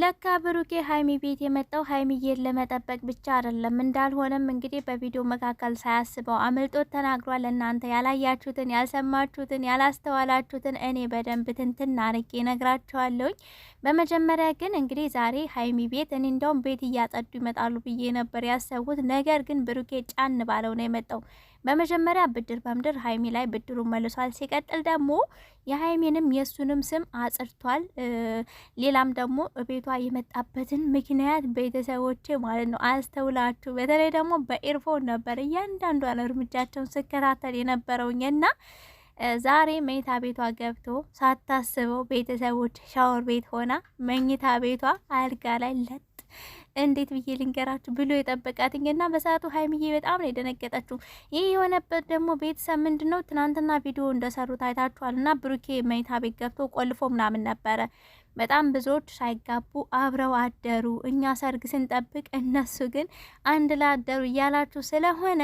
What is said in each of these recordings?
ለካ ብሩኬ ሀይሚ ቤት የመጣው ሀይሚዬን ለመጠበቅ ብቻ አይደለም። እንዳልሆነም እንግዲህ በቪዲዮ መካከል ሳያስበው አመልጦት ተናግሯል። እናንተ ያላያችሁትን፣ ያልሰማችሁትን፣ ያላስተዋላችሁትን እኔ በደንብ ትንትን አርጌ ነግራችኋለሁኝ። በመጀመሪያ ግን እንግዲህ ዛሬ ሀይሚ ቤት እኔ እንደውም ቤት እያጸዱ ይመጣሉ ብዬ ነበር ያሰቡት። ነገር ግን ብሩኬ ጫን ባለው ነው የመጣው። በመጀመሪያ ብድር በምድር ሀይሚ ላይ ብድሩን መልሷል። ሲቀጥል ደግሞ የሀይሜንም የእሱንም ስም አጽድቷል። ሌላም ደግሞ ቤቷ የመጣበትን ምክንያት ቤተሰቦች ማለት ነው አስተውላችሁ፣ በተለይ ደግሞ በኤርፎን ነበር እያንዳንዷን እርምጃቸውን ስከታተል የነበረውኝ እና ዛሬ መኝታ ቤቷ ገብቶ ሳታስበው ቤተሰቦች ሻወር ቤት ሆና መኝታ ቤቷ አልጋ ላይ ለት እንዴት ብዬ ልንገራችሁ ብሎ የጠበቃትኝ እና በሰዓቱ ሀይሚዬ በጣም ነው የደነገጠችው። ይህ የሆነበት ደግሞ ቤተሰብ ምንድን ነው ትናንትና ቪዲዮ እንደሰሩ ታይታችኋል። እና ብሩኬ መኝታ ቤት ገብቶ ቆልፎ ምናምን ነበረ በጣም ብዙዎች ሳይጋቡ አብረው አደሩ። እኛ ሰርግ ስንጠብቅ እነሱ ግን አንድ ላይ አደሩ እያላችሁ ስለሆነ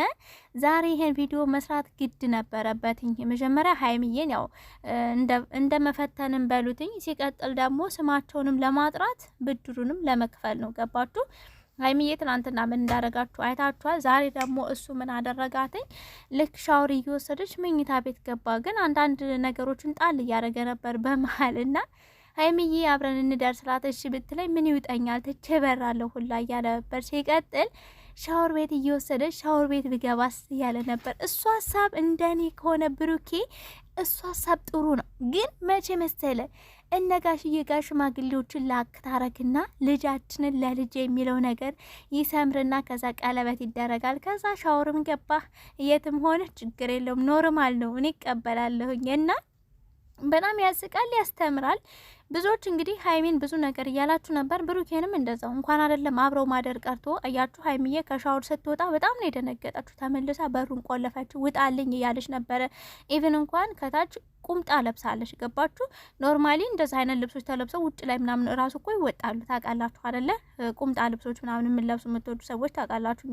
ዛሬ ይሄን ቪዲዮ መስራት ግድ ነበረበትኝ። መጀመሪያ ሀይሚዬን ያው እንደ መፈተንም በሉትኝ፣ ሲቀጥል ደግሞ ስማቸውንም ለማጥራት ብድሩንም ለመክፈል ነው። ገባችሁ? ሀይሚዬ ትናንትና ምን እንዳደረጋችሁ አይታችኋል። ዛሬ ደግሞ እሱ ምን አደረጋትኝ? ልክ ሻወር እየወሰደች መኝታ ቤት ገባ። ግን አንዳንድ ነገሮችን ጣል እያደረገ ነበር በመሀል እና ሀይሚዬ አብረን እንዳር ስላት እሺ ብትለኝ ምን ይውጠኛል ትቼ እበራለሁ ሁላ እያለ ነበር። ሲቀጥል ሻወር ቤት እየወሰደች ሻወር ቤት ብገባስ እያለ ነበር። እሱ ሀሳብ እንደኔ ከሆነ ብሩኬ እሱ ሀሳብ ጥሩ ነው፣ ግን መቼ መሰለ እነ ጋሽዬ ጋር ሽማግሌዎችን ላክታረግና ልጃችንን ለልጅ የሚለው ነገር ይሰምርና ከዛ ቀለበት ይደረጋል። ከዛ ሻወርም ገባ የትም ሆነ ችግር የለውም ኖርማል ነው። እኔ ይቀበላለሁኝ እና በጣም ያስቃል፣ ያስተምራል። ብዙዎች እንግዲህ ሀይሚን ብዙ ነገር እያላችሁ ነበር። ብሩኬንም እንደዛው እንኳን አይደለም አብረው ማደር ቀርቶ እያችሁ ሀይሚዬ ከሻወር ስትወጣ በጣም ነው የደነገጣችሁ። ተመልሳ በሩን ቆለፈችው፣ ውጣልኝ እያለች ነበረ። ኢቭን እንኳን ከታች ቁምጣ ለብሳለች። ገባችሁ? ኖርማሊ እንደዚህ አይነት ልብሶች ተለብሰው ውጭ ላይ ምናምን እራሱ እኮ ይወጣሉ። ታውቃላችሁ አደለ? ቁምጣ ልብሶች ምናምን የምንለብሱ የምትወዱ ሰዎች ታውቃላችሁ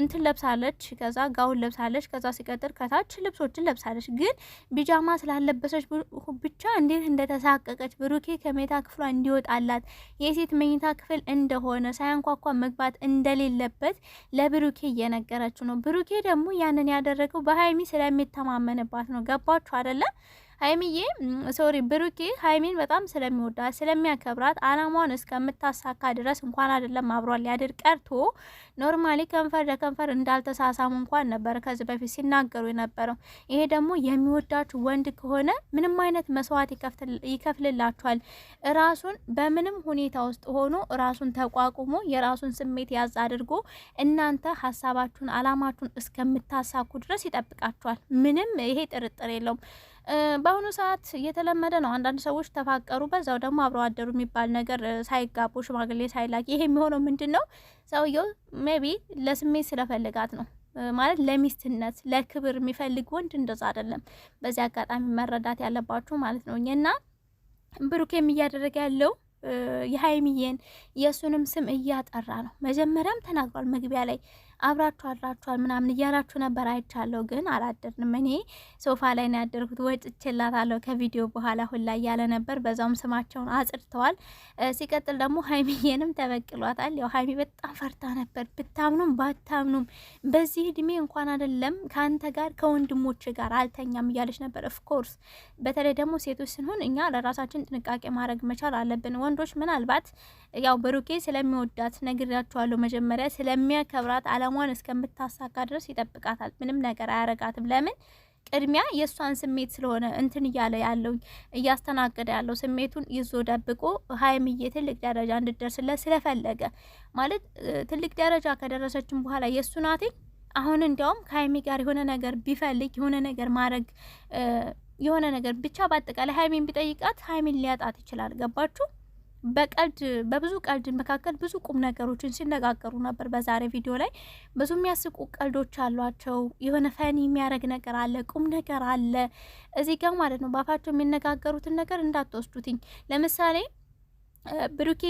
እንትን ለብሳለች፣ ከዛ ጋውን ለብሳለች፣ ከዛ ሲቀጥል ከታች ልብሶችን ለብሳለች። ግን ቢጃማ ስላለበሰች ብቻ እንዴት እንደተሳቀቀች ብሩኬ ከመኝታ ክፍሏ እንዲወጣላት የሴት መኝታ ክፍል እንደሆነ ሳያንኳኳ መግባት እንደሌለበት ለብሩኬ እየነገረችው ነው። ብሩኬ ደግሞ ያንን ያደረገው በሀይሚ ስለሚተማመንባት ነው። ገባችሁ አይደለም? ሀይሚዬ ሶሪ ብሩኬ ሀይሚን በጣም ስለሚወዳት ስለሚያከብራት አላማዋን እስከምታሳካ ድረስ እንኳን አይደለም አብሯል ሊያድር ቀርቶ ኖርማሊ ከንፈር ለከንፈር እንዳልተሳሳሙ እንኳን ነበር ከዚህ በፊት ሲናገሩ የነበረው። ይሄ ደግሞ የሚወዳችሁ ወንድ ከሆነ ምንም አይነት መስዋዕት ይከፍልላችኋል። ራሱን በምንም ሁኔታ ውስጥ ሆኖ ራሱን ተቋቁሞ የራሱን ስሜት ያዝ አድርጎ እናንተ ሀሳባችሁን አላማችሁን እስከምታሳኩ ድረስ ይጠብቃችኋል። ምንም ይሄ ጥርጥር የለውም። በአሁኑ ሰዓት እየተለመደ ነው። አንዳንድ ሰዎች ተፋቀሩ፣ በዛው ደግሞ አብረው አደሩ የሚባል ነገር ሳይጋቡ ሽማግሌ ሳይላክ። ይሄ የሚሆነው ምንድን ነው? ሰውየው ሜቢ ለስሜት ስለፈልጋት ነው ማለት ለሚስትነት ለክብር የሚፈልግ ወንድ እንደዛ አይደለም። በዚህ አጋጣሚ መረዳት ያለባችሁ ማለት ነው። እና ብሩኬም እያደረገ ያለው የሀይሚዬን የእሱንም ስም እያጠራ ነው። መጀመሪያም ተናግሯል መግቢያ ላይ አብራችሁ አድራችኋል ምናምን እያላችሁ ነበር አይቻለሁ። ግን አላደርንም። እኔ ሶፋ ላይ ነው ያደርኩት። ወጥቼላታለሁ ከቪዲዮ በኋላ ሁላ እያለ ነበር። በዛውም ስማቸውን አጽድተዋል። ሲቀጥል ደግሞ ሀይሚዬንም ተበቅሏታል። ያው ሀይሚ በጣም ፈርታ ነበር። ብታምኑም ባታምኑም በዚህ እድሜ እንኳን አይደለም ከአንተ ጋር ከወንድሞች ጋር አልተኛም እያለች ነበር። ኦፍኮርስ በተለይ ደግሞ ሴቶች ስንሆን እኛ ለራሳችን ጥንቃቄ ማድረግ መቻል አለብን። ወንዶች ምናልባት ያው ብሩኬ ስለሚወዳት ነግሬያቸዋለሁ፣ መጀመሪያ ስለሚያከብራት አለ ህልሟን እስከምታሳካ ድረስ ይጠብቃታል። ምንም ነገር አያረጋትም። ለምን ቅድሚያ የእሷን ስሜት ስለሆነ እንትን እያለ ያለው እያስተናገደ ያለው ስሜቱን ይዞ ደብቆ ሀይምዬ ትልቅ ደረጃ እንድደርስለት ስለፈለገ ማለት ትልቅ ደረጃ ከደረሰችን በኋላ የእሱ ናቴ አሁን እንዲያውም ከሀይሚ ጋር የሆነ ነገር ቢፈልግ የሆነ ነገር ማድረግ የሆነ ነገር ብቻ በአጠቃላይ ሀይሚን ቢጠይቃት ሀይሚን ሊያጣት ይችላል። ገባችሁ? በቀልድ በብዙ ቀልድ መካከል ብዙ ቁም ነገሮችን ሲነጋገሩ ነበር። በዛሬ ቪዲዮ ላይ ብዙ የሚያስቁ ቀልዶች አሏቸው። የሆነ ፈኒ የሚያደርግ ነገር አለ፣ ቁም ነገር አለ እዚህ ጋር ማለት ነው። በአፋቸው የሚነጋገሩትን ነገር እንዳትወስዱትኝ። ለምሳሌ ብሩኬ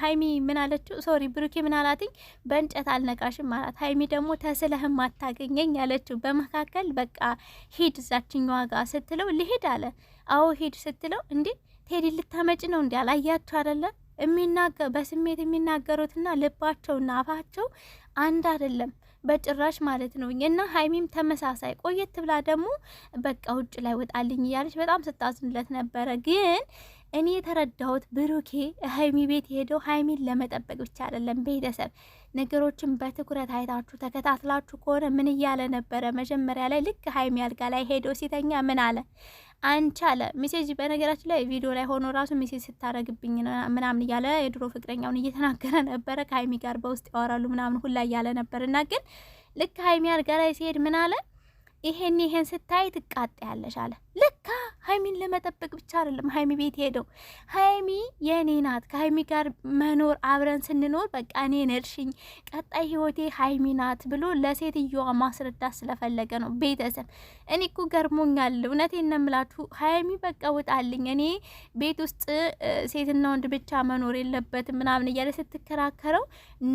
ሀይሚ ምን አለችው? ሶሪ ብሩኬ ምን አላትኝ? በእንጨት አልነቃሽም አላት። ሀይሚ ደግሞ ተስለህም አታገኘኝ አለችው። በመካከል በቃ ሂድ ዛችኛዋ ጋር ስትለው ልሄድ አለ። አዎ ሂድ ስትለው እንዴ ቴዲ ልታመጭ ነው እንዲ አላያቸው አደለ? በስሜት የሚናገሩትና ልባቸውና አፋቸው አንድ አደለም በጭራሽ ማለት ነው። እና ሀይሚም ተመሳሳይ ቆየት ብላ ደግሞ በቃ ውጭ ላይ ወጣልኝ እያለች በጣም ስታዝንለት ነበረ። ግን እኔ የተረዳሁት ብሩኬ ሀይሚ ቤት ሄደው ሀይሚን ለመጠበቅ ብቻ አይደለም። ቤተሰብ ነገሮችን በትኩረት አይታችሁ ተከታትላችሁ ከሆነ ምን እያለ ነበረ መጀመሪያ ላይ ልክ ሀይሚ አልጋ ላይ ሄደው ሲተኛ ምን አለ አንቻለ ሜሴጅ በነገራችን ላይ ቪዲዮ ላይ ሆኖ ራሱ ሜሴጅ ስታደረግብኝ ምናምን እያለ የድሮ ፍቅረኛውን እየተናገረ ነበረ። ከሀይሚ ጋር በውስጥ ያወራሉ ምናምን ሁላ እያለ ነበር እና ግን ልክ ሀይሚ አልጋ ላይ ሲሄድ ምን አለ? ይሄን ይሄን ስታይ ትቃጥ ያለሽ አለ ልክ ሀይሚን ለመጠበቅ ብቻ አይደለም ሀይሚ ቤት ሄደው ሀይሚ የእኔ ናት፣ ከሀይሚ ጋር መኖር አብረን ስንኖር በቃ እኔ ነርሽኝ ቀጣይ ህይወቴ ሀይሚ ናት ብሎ ለሴትዮዋ ማስረዳት ስለፈለገ ነው። ቤተሰብ እኔ እኮ ገርሞኛል። እውነቴን ነው የምላችሁ። ሀይሚ በቃ ውጣልኝ፣ እኔ ቤት ውስጥ ሴትና ወንድ ብቻ መኖር የለበትም ምናምን እያለ ስትከራከረው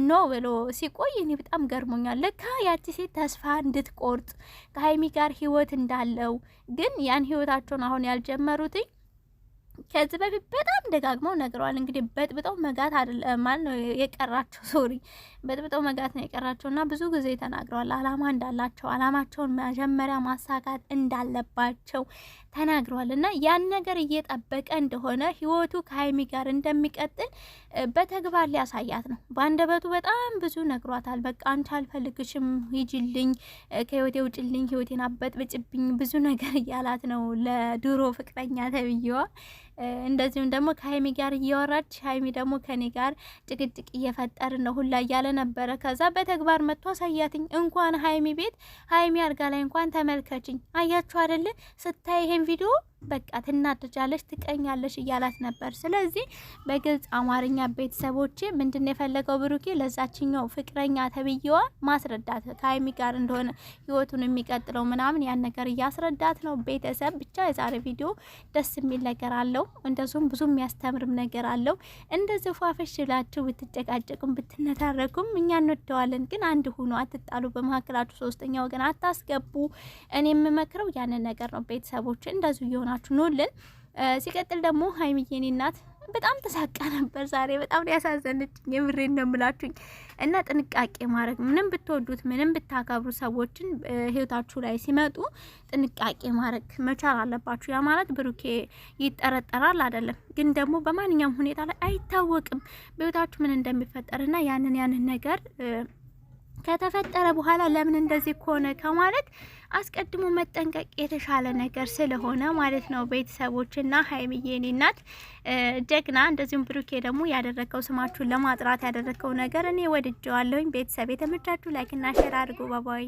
ኖ ብሎ ሲቆይ እኔ በጣም ገርሞኛል። ለካ ያቺ ሴት ተስፋ እንድትቆርጥ ከሀይሚ ጋር ህይወት እንዳለው ግን ያን ህይወታቸውን አሁን ያልጀመሩትኝ ከዚህ በፊት በጣም ደጋግመው ነግረዋል። እንግዲህ በጥብጠው መጋት ማለት ነው የቀራቸው ሶሪ በጥብጠው መጋት ነው የቀራቸው እና ብዙ ጊዜ ተናግረዋል። አላማ እንዳላቸው አላማቸውን መጀመሪያ ማሳካት እንዳለባቸው ተናግረዋል እና ያን ነገር እየጠበቀ እንደሆነ ህይወቱ ከሀይሚ ጋር እንደሚቀጥል በተግባር ሊያሳያት ነው። በአንደበቱ በጣም ብዙ ነግሯታል። በቃ አንቺ አልፈልግሽም፣ ሂጂልኝ፣ ከህይወቴ ውጭልኝ፣ ህይወቴን አበጥብጭብኝ ብዙ ነገር እያላት ነው ለድሮ ፍቅረኛ ተብዬዋ እንደዚሁም ደግሞ ከሀይሚ ጋር እየወራች ሀይሚ ደግሞ ከኔ ጋር ጭቅጭቅ እየፈጠር ነው ሁላ እያለ ነበረ። ከዛ በተግባር መጥቶ አሳያትኝ። እንኳን ሀይሚ ቤት ሀይሚ አልጋ ላይ እንኳን ተመልከችኝ። አያችሁ አይደለ ስታይ ይሄን ቪዲዮ በቃ ትናደጃለሽ፣ ትቀኛለሽ እያላት ነበር። ስለዚህ በግልጽ አማርኛ ቤተሰቦች ምንድን የፈለገው ብሩኬ ለዛችኛው ፍቅረኛ ተብዬዋ ማስረዳት ከሀይሚ ጋር እንደሆነ ህይወቱን የሚቀጥለው ምናምን ያን ነገር እያስረዳት ነው። ቤተሰብ ብቻ የዛሬ ቪዲዮ ደስ የሚል ነገር አለው፣ እንደዚሁም ብዙ የሚያስተምርም ነገር አለው። እንደዚህ ፏፈሽ ብላችሁ ብትጨቃጨቁም ብትነታረኩም እኛ እንወደዋለን። ግን አንድ ሁኑ፣ አትጣሉ፣ በመካከላችሁ ሶስተኛ ወገን አታስገቡ። እኔ የምመክረው ያንን ነገር ነው። ቤተሰቦች እንደዚሁ የሆነ ሆናችሁ ኑልን። ሲቀጥል ደግሞ ሀይሚዬኔ እናት በጣም ተሳቃ ነበር ዛሬ። በጣም ያሳዘነች የምሬ እንደምላችሁኝ እና ጥንቃቄ ማድረግ ምንም ብትወዱት ምንም ብታከብሩ ሰዎችን ህይወታችሁ ላይ ሲመጡ ጥንቃቄ ማድረግ መቻል አለባችሁ። ያ ማለት ብሩኬ ይጠረጠራል አይደለም፣ ግን ደግሞ በማንኛውም ሁኔታ ላይ አይታወቅም በህይወታችሁ ምን እንደሚፈጠርና ያንን ያንን ነገር ከተፈጠረ በኋላ ለምን እንደዚህ ከሆነ ከማለት አስቀድሞ መጠንቀቅ የተሻለ ነገር ስለሆነ ማለት ነው። ቤተሰቦችና ሀይሚዬ የኔ እናት ጀግና፣ እንደዚሁም ብሩኬ ደግሞ ያደረገው ስማችሁን ለማጥራት ያደረገው ነገር እኔ ወድጀዋለሁኝ። ቤተሰብ የተመቻችሁ ላይክና ሸር አድርጉ። ባባይ